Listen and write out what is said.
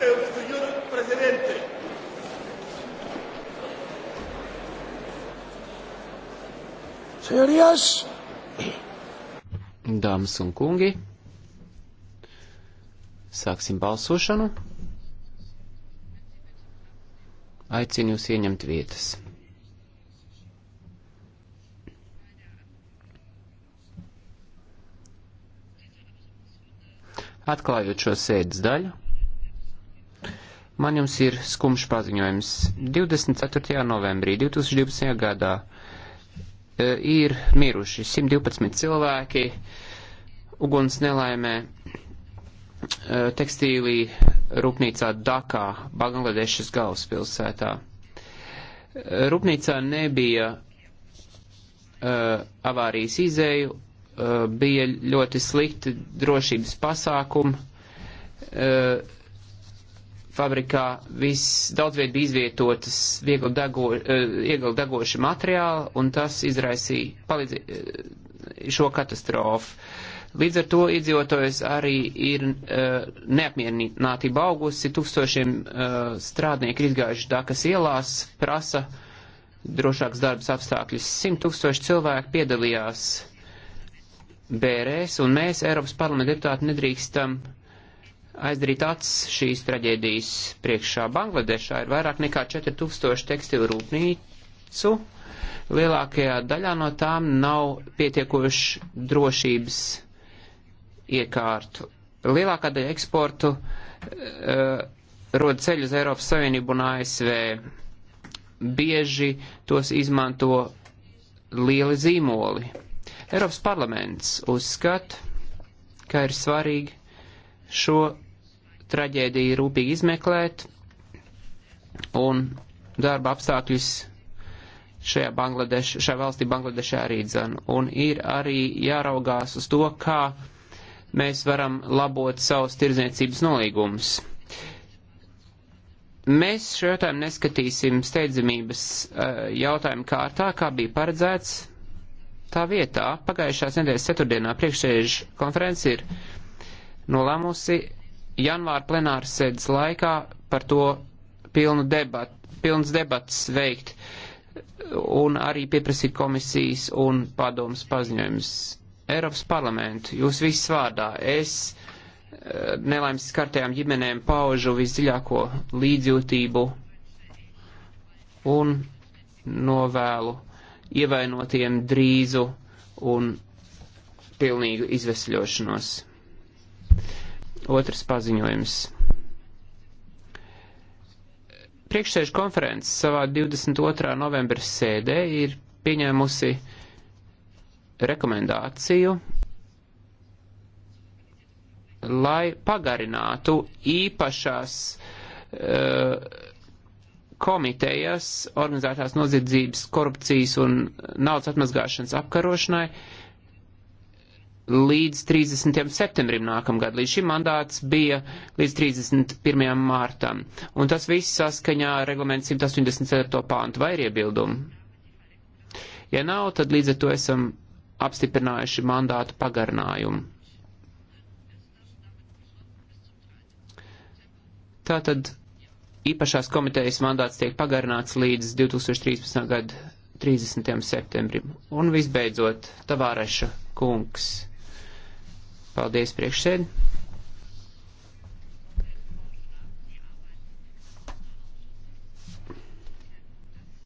El señor presidente. Señorías. Dāmas un kungi, sāksim balsošanu. Aicinu jūs ieņemt vietas. Atklājot šo sēdes daļu. Man jums ir skumšs paziņojums. 24. novembrī 2012. gadā e, ir miruši 112 cilvēki uguns nelaimē e, tekstīlī rūpnīcā Dakā, Bangladešas galvaspilsētā. E, rūpnīcā nebija uh, avārijas izēju, uh, bija ļoti slikti drošības pasākumi. Uh, fabrikā viss daudzviet bija izvietotas viegli dago, uh, eh, dagoši materiāli, un tas izraisīja palīdzi, uh, šo katastrofu. Līdz ar to iedzīvotājs arī ir uh, neapmierinātība augusi, tūkstošiem uh, strādnieku ir izgājuši Dakas ielās, prasa drošāks darbas apstākļus. Simt tūkstoši cilvēku piedalījās bērēs, un mēs, Eiropas parlamenta deputāti, nedrīkstam uh, aizdarīt acis šīs traģēdijas priekšā. Bangladešā ir vairāk nekā 4000 tekstilu rūpnīcu. Lielākajā daļā no tām nav pietiekoši drošības iekārtu. Lielākā daļa eksportu uh, rod ceļu uz Eiropas Savienību un ASV. Bieži tos izmanto lieli zīmoli. Eiropas parlaments uzskata, ka ir svarīgi šo traģēdiju rūpīgi izmeklēt un darba apstākļus šajā, Bangladeš, šajā valstī Bangladešā arī dzan. Un ir arī jāraugās uz to, kā mēs varam labot savus tirdzniecības nolīgumus. Mēs šo jautājumu neskatīsim steidzamības eh, jautājumu kārtā, kā bija paredzēts. Tā vietā pagājušās nedēļas ceturtdienā priekšsēžu konferences ir nolēmusi janvāra plenāras sēdes laikā par to pilnu debat, pilns debats veikt un arī pieprasīt komisijas un padomas paziņojums. Eiropas parlamentu, jūs viss vārdā, es eh, nelaimes skartajām ģimenēm paužu visdziļāko līdzjūtību un novēlu ievainotiem drīzu un pilnīgu izvesļošanos. Otrs paziņojums. Priekšsēžu konferences savā 22. novembra sēdē ir pieņēmusi rekomendāciju, lai pagarinātu īpašās uh, eh, komitejas organizētās noziedzības, korupcijas un naudas atmazgāšanas apkarošanai uh, līdz 30. septembrim nākamgad. Līdz šim mandāts bija līdz 31. mārtam. Un tas viss saskaņā ar reglamentu 184. pāntu vai ir iebildumu. Ja nav, tad līdz ar to esam apstiprinājuši mandātu pagarinājumu. Tātad īpašās komitejas mandāts tiek pagarināts līdz 2013. gada 30. septembrim. Un visbeidzot, Tavāreša kungs Paldies priekšsēdi.